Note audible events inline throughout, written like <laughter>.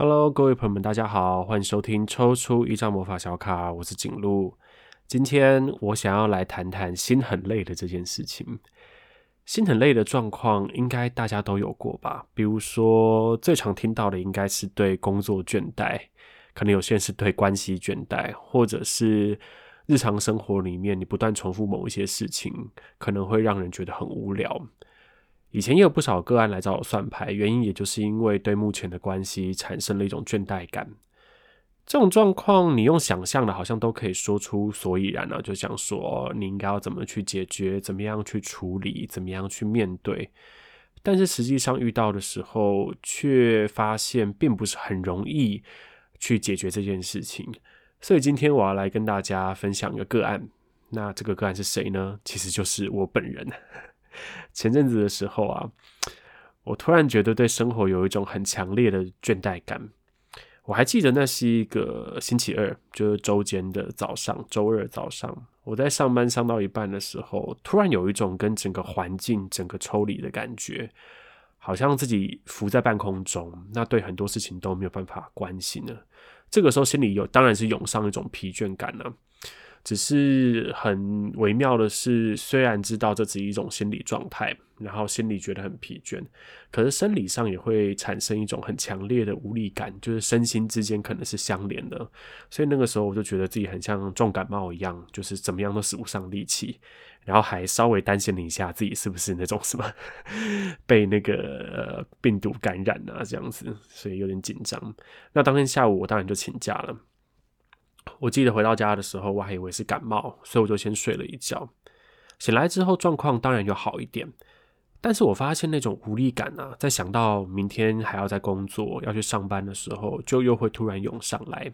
Hello，各位朋友們，大家好，歡迎收聽抽出一張魔法小卡，我是景祿。今天我想要來談談心很累的這件事情。心很累的狀況，應該大家都有過吧？比如說最常聽到的，應該是對工作倦怠，可能有些是對關係倦怠，或者是日常生活裡面你不斷重複某一些事情，可能會讓人覺得很無聊。以前也有不少個案來找我算牌，原因也就是因為對目前的關係產生了一種倦怠感。這種狀況，你用想象的好像都可以說出所以然了啊，就想說你應該要怎麼去解決，怎麼樣去處理，怎麼樣去面對。但是實際上遇到的時候，卻發現並不是很容易去解決這件事情。所以今天我要來跟大家分享一個個案。那這個個案是誰呢？其實就是我本人。前陣子的時候啊，我突然覺得對生活有一種很強烈的倦怠感。我還記得那是一個星期二，就是周間的早上，周二的早上，我在上班上到一半的時候，突然有一種跟整個環境整個抽離的感覺，好像自己浮在半空中，那對很多事情都沒有辦法關心呢，這個時候心裡有，當然是湧上一種疲倦感呢、啊。只是很微妙的是，雖然知道這只是一種心理狀態，然後心裡覺得很疲倦，可是生理上也會產生一種很強烈的無力感，就是身心之間可能是相連的。所以那個時候我就覺得自己很像重感冒一樣，就是怎麼樣都使不上力氣，然後還稍微擔心了一下自己是不是那種什麼 <laughs> 被那個、呃、病毒感染啊這樣子，所以有點緊張。那當天下午我當然就請假了。我記得回到家的時候，我還以為是感冒，所以我就先睡了一覺。醒來之後，狀況當然就好一點，但是我發現那種無力感啊，在想到明天還要在工作、要去上班的時候，就又會突然湧上來。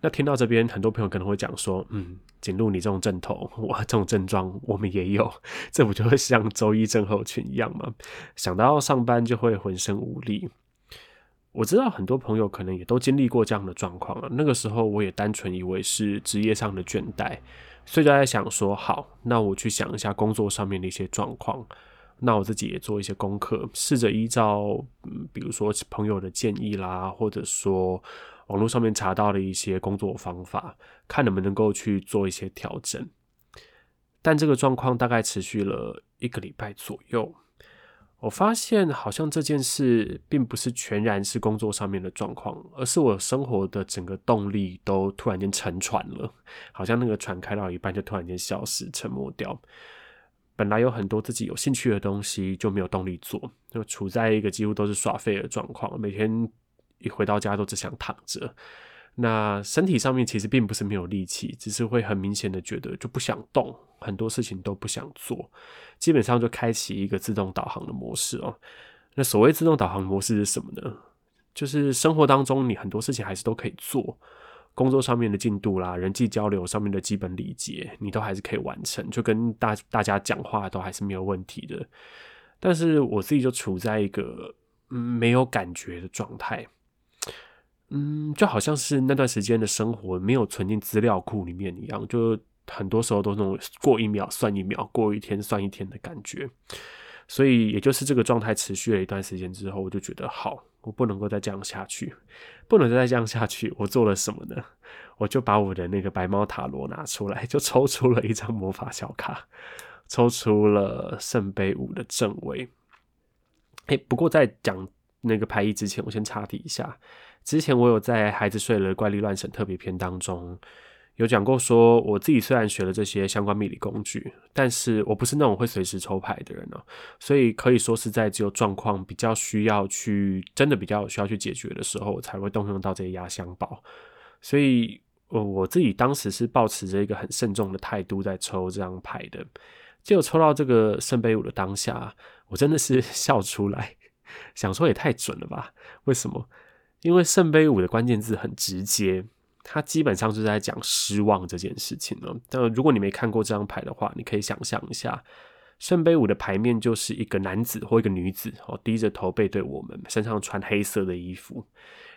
那聽到這邊，很多朋友可能會講說：“嗯，景露，你這種症頭哇，這種症狀我們也有，這不就會像周一症候群一樣嗎？想到上班就會渾身無力。”我知道很多朋友可能也都經歷過這樣的狀況了。那個時候，我也單純以為是職業上的倦怠，所以就在想說：好，那我去想一下工作上面的一些狀況。那我自己也做一些功課，試着依照、嗯，比如說朋友的建議啦，或者說網絡上面查到的一些工作方法，看能不能夠去做一些調整。但這個狀況大概持續了一個禮拜左右。我發現好像這件事並不是全然是工作上面的狀況，而是我生活的整個動力都突然間沉船了，好像那個船開到一半就突然間消失，沉沒掉。本來有很多自己有興趣的東西，就沒有動力做，就處在一個幾乎都是耍廢的狀況。每天一回到家都只想躺着。那身體上面其實並不是沒有力氣，只是會很明顯的覺得就不想動，很多事情都不想做，基本上就開啟一個自動導航的模式哦。那所謂自動導航模式是什麼呢？就是生活當中你很多事情還是都可以做，工作上面的進度啦，人際交流上面的基本禮節，你都還是可以完成，就跟大大家講話都還是沒有問題的。但是我自己就處在一個沒有感覺的狀態。嗯，就好像是那段時間的生活沒有存進資料庫裡面一樣，就很多時候都是那種過一秒算一秒，過一天算一天的感覺。所以，也就是這個狀態持續了一段時間之後，我就覺得好，我不能夠再這樣下去，不能再這樣下去。我做了什麼呢？我就把我的那個白貓塔羅拿出來，就抽出了一張魔法小卡，抽出了聖杯五的正位。哎、欸，不過在講那個牌義之前，我先查底一下。之前我有在《孩子睡了怪力亂神特別篇》當中有講過，說我自己雖然學了這些相關命理工具，但是我不是那種會隨時抽牌的人哦、喔。所以可以說是在只有狀況比較需要去，真的比較需要去解決的時候，我才會動用到這些壓箱寶。所以，呃，我自己當時是抱持着一個很慎重的態度在抽這張牌的。結果抽到這個聖杯五的當下，我真的是笑出來。想說也太準了吧？為什麼？因為聖杯五的關鍵字很直接，它基本上就是在講失望這件事情呢、喔。但如果你沒看過這張牌的話，你可以想象一下，聖杯五的牌面就是一個男子或一個女子哦、喔，低着頭背對我們，身上穿黑色的衣服，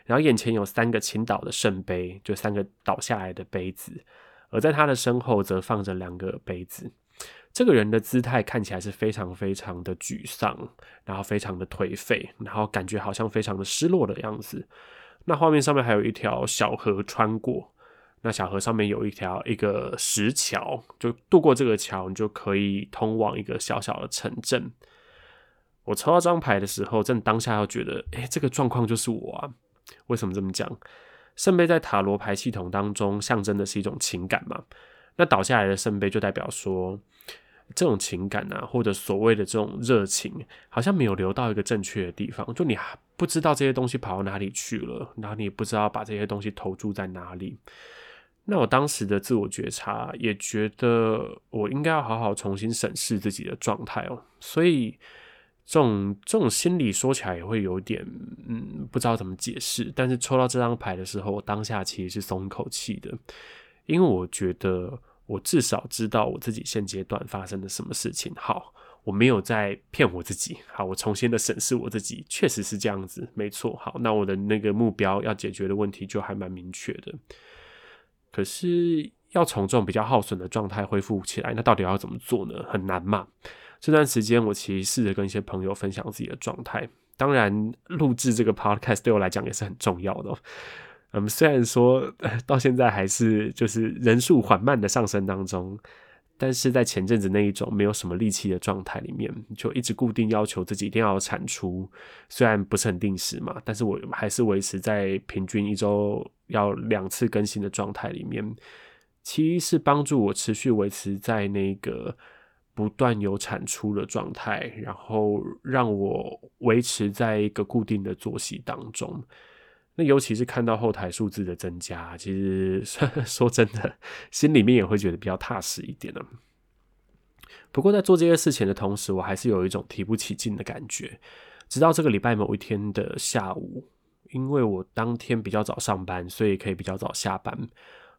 然後眼前有三個傾倒的聖杯，就三個倒下來的杯子，而在他的身後則放着兩個杯子。這個人的姿態看起來是非常非常的沮喪，然後非常的頹廢，然後感覺好像非常的失落的樣子。那畫面上面還有一條小河穿過，那小河上面有一條一個石橋，就渡過這個橋，你就可以通往一個小小的城鎮。我抽到這張牌的時候，正當下要覺得，誒，這個狀況就是我啊。為什麼這麼講？聖杯在塔羅牌系統當中象徵的是一種情感嘛。那倒下來的聖杯就代表說，這種情感啊，或者所謂的這種熱情，好像沒有流到一個正確的地方，就你還不知道這些東西跑到哪裡去了，然後你也不知道把這些東西投注在哪裡。那我當時的自我覺察也覺得我應該要好好重新審視自己的狀態哦。所以，這種這種心理說起來也會有點，嗯，不知道怎麼解釋。但是抽到這張牌的時候，我當下其實是鬆一口氣的，因為我覺得。我至少知道我自己現階段發生了什麼事情。好，我沒有在騙我自己。好，我重新的審視我自己，確實是這樣子，沒錯。好，那我的那個目標要解決的問題就還蠻明確的。可是要從這種比較耗損的狀態恢復起來，那到底要怎麼做呢？很難嘛。這段時間我其實試着跟一些朋友分享自己的狀態。當然，錄制這個 podcast 對我來講也是很重要的。我們、嗯、雖然說到現在還是就是人數緩慢的上升當中，但是在前陣子那一種沒有什麼力氣的狀態裡面，就一直固定要求自己一定要產出，雖然不是很定時嘛，但是我還是維持在平均一周要兩次更新的狀態裡面。其一是幫助我持續維持在那個不斷有產出的狀態，然後讓我維持在一個固定的作息當中。那尤其是看到後台數字的增加，其實說真的，心裡面也會覺得比較踏實一點了啊。不過在做這些事情的同時，我還是有一種提不起勁的感覺。直到這個禮拜某一天的下午，因為我當天比較早上班，所以可以比較早下班，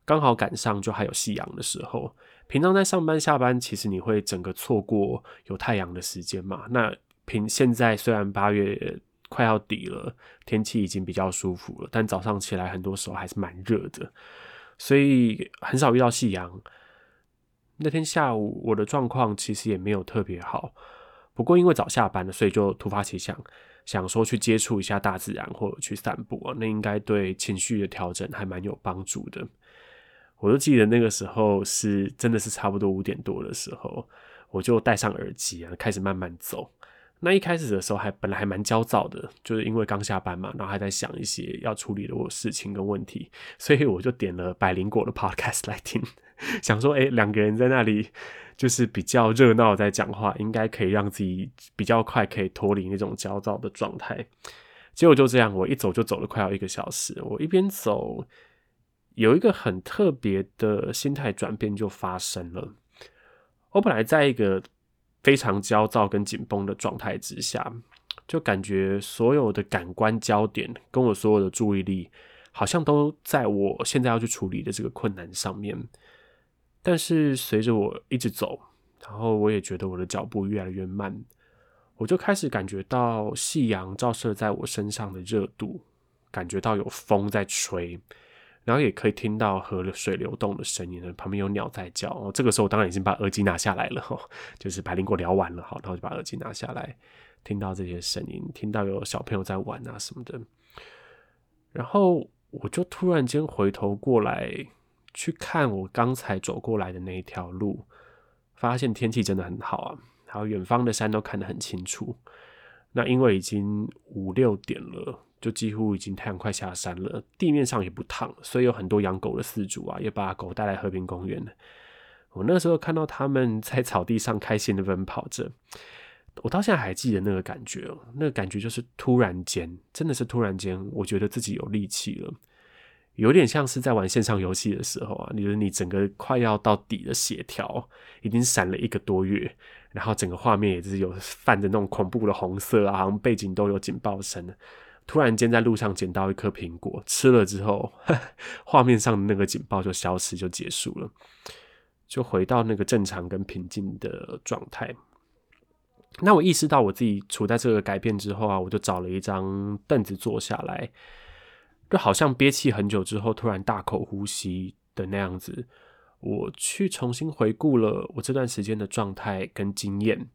剛好趕上就還有夕陽的時候。平常在上班下班，其實你會整個錯過有太陽的時間嘛？那平現在雖然八月。快要底了，天氣已經比較舒服了，但早上起來很多時候還是蠻熱的，所以很少遇到夕陽。那天下午我的狀況其實也沒有特別好，不過因為早下班了，所以就突發奇想，想說去接觸一下大自然或者去散步啊，那應該對情緒的調整還蠻有幫助的。我都記得那個時候是真的是差不多五點多的時候，我就戴上耳機啊，開始慢慢走。那一開始的時候還本來還蠻焦躁的，就是因為剛下班嘛，然後還在想一些要處理的我事情跟問題，所以我就點了百靈果的 podcast 來聽，想說，哎、欸，兩個人在那裡就是比較熱鬧在講話，應該可以讓自己比較快可以脫離那種焦躁的狀態。結果就這樣，我一走就走了快要一個小時，我一邊走，有一個很特別的心態轉變就發生了。我本來在一個。非常焦躁跟緊繃的狀態之下，就感覺所有的感官焦點跟我所有的注意力，好像都在我現在要去處理的這個困難上面。但是隨着我一直走，然後我也覺得我的腳步越來越慢，我就開始感覺到夕陽照射在我身上的熱度，感覺到有風在吹。然後也可以聽到河水流動的聲音，旁邊有鳥在叫。哦，這個時候我當然已經把耳機拿下來了，呵呵，就是百靈果聊完了，好，然後就把耳機拿下來，聽到這些聲音，聽到有小朋友在玩啊什麼的。然後我就突然間回頭過來去看我剛才走過來的那一條路，發現天氣真的很好啊，還有遠方的山都看得很清楚。那因為已經五六點了。就幾乎已經太陽快下山了，地面上也不燙，所以有很多養狗的飼主啊，也把狗帶來和平公園。我那時候看到他們在草地上開心的奔跑着，我到現在還記得那個感覺喔，那個感覺就是突然間，真的是突然間，我覺得自己有力氣了，有點像是在玩線上遊戲的時候啊，你覺得你整個快要到底的血條已經閃了一個多月，然後整個畫面也是有泛着那種恐怖的紅色啊，好像背景都有警報聲。突然間在路上撿到一顆蘋果，吃了之後，呵呵，畫面上的那個警報就消失，就結束了，就回到那個正常跟平靜的狀態。那我意識到我自己處在這個改變之後啊，我就找了一張凳子坐下來，就好像憋氣很久之後突然大口呼吸的那樣子。我去重新回顧了我這段時間的狀態跟經驗，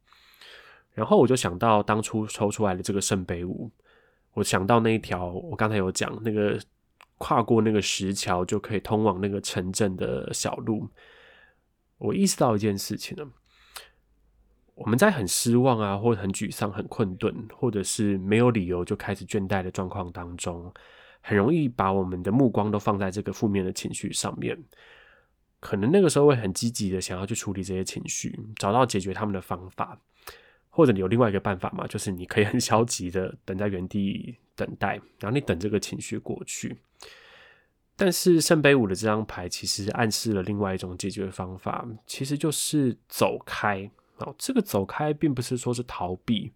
然後我就想到當初抽出來的這個聖杯五。我想到那一條，我剛才有講那個跨過那個石橋就可以通往那個城鎮的小路。我意識到一件事情了：我們在很失望啊，或者很沮喪、很困頓，或者是沒有理由就開始倦怠的狀況當中，很容易把我們的目光都放在這個負面的情緒上面。可能那個時候會很積極的想要去處理這些情緒，找到解決他們的方法。或者你有另外一個辦法嘛？就是你可以很消極的等在原地等待，然後你等這個情緒過去。但是聖杯五的這張牌其實暗示了另外一種解決方法，其實就是走開。啊、哦，這個走開並不是說是逃避，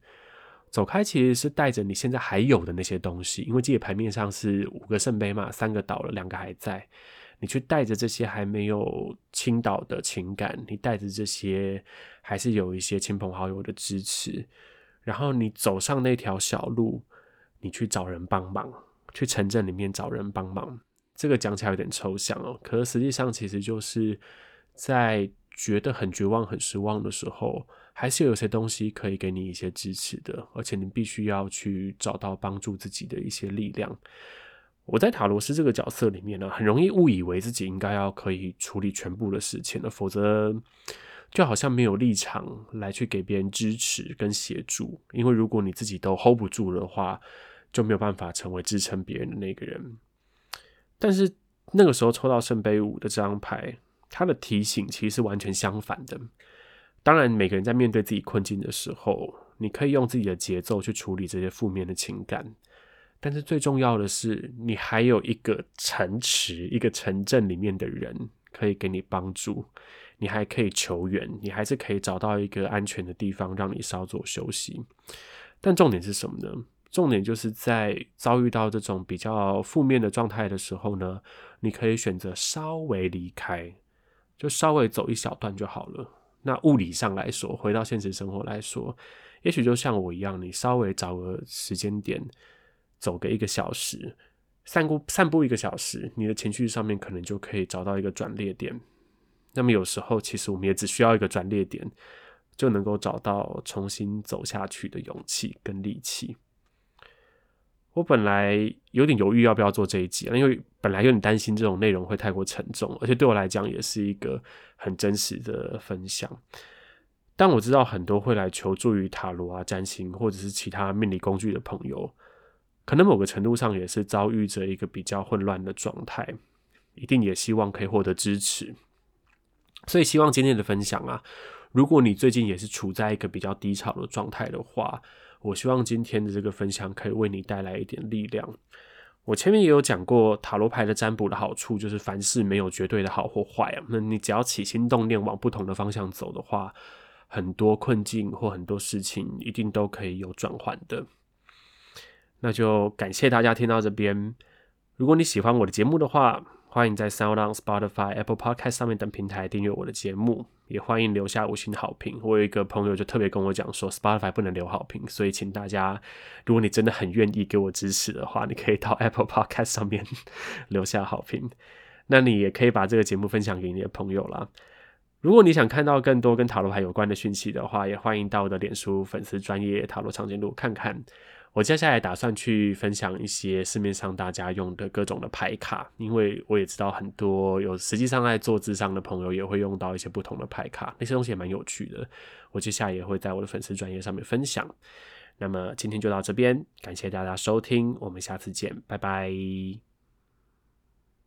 走開其實是帶着你現在還有的那些東西，因為這個牌面上是五個聖杯嘛，三個倒了，兩個還在。你去帶着這些還沒有傾倒的情感，你帶着這些還是有一些親朋好友的支持，然後你走上那條小路，你去找人幫忙，去城鎮裡面找人幫忙。這個講起來有點抽象哦，可是實際上其實就是在覺得很絕望、很失望的時候，還是有些東西可以給你一些支持的，而且你必須要去找到幫助自己的一些力量。我在塔羅師這個角色裡面呢，很容易誤以為自己應該要可以處理全部的事情，否則就好像沒有立場來去給別人支持跟協助。因為如果你自己都 hold 不住的話，就沒有辦法成為支撐別人的那個人。但是那個時候抽到聖杯五的這張牌，它的提醒其實是完全相反的。當然，每個人在面對自己困境的時候，你可以用自己的節奏去處理這些負面的情感。但是最重要的是，你還有一個城池，一個城鎮裡面的人可以給你幫助，你還可以求援，你還是可以找到一個安全的地方讓你稍作休息。但重點是什麼呢？重點就是在遭遇到這種比較負面的狀態的時候呢，你可以選擇稍微離開，就稍微走一小段就好了。那物理上來說，回到現實生活來說，也許就像我一樣，你稍微找個時間點，走個一個小時，散步散步一個小時，你的情緒上面可能就可以找到一個轉捩點。那麼有時候，其實我們也只需要一個轉捩點，就能夠找到重新走下去的勇氣跟力氣。我本來有點猶豫要不要做這一集啊，因為本來有點擔心這種內容會太過沉重，而且對我來講也是一個很真實的分享。但我知道很多會來求助於塔羅啊、占星或者是其他命理工具的朋友。可能某個程度上也是遭遇着一個比較混亂的狀態，一定也希望可以獲得支持。所以，希望今天的分享啊，如果你最近也是處在一個比較低潮的狀態的話，我希望今天的這個分享可以為你帶來一點力量。我前面也有講過，塔羅牌的占卜的好處就是凡事沒有絕對的好或壞啊。那你只要起心動念往不同的方向走的話，很多困境或很多事情一定都可以有轉換的。那就感謝大家聽到這邊。如果你喜歡我的節目的話，歡迎在 SoundOn、Spotify、Apple Podcast 上面等平台訂閱我的節目，也歡迎留下五星好評。我有一個朋友就特別跟我講說，Spotify 不能留好評，所以請大家，如果你真的很願意給我支持的話，你可以到 Apple Podcast 上面 <laughs> 留下好評。那你也可以把這個節目分享給你的朋友啦。如果你想看到更多跟塔羅牌有關的訊息的話，也歡迎到我的臉書粉絲專頁塔羅長頸鹿看看。我接下來打算去分享一些市面上大家用的各種的牌卡，因為我也知道很多有實際上在做諮商的朋友也會用到一些不同的牌卡，那些東西也蠻有趣的。我接下來也會在我的粉絲專頁上面分享。那麼今天就到這邊，感謝大家收聽，我們下次見，拜拜。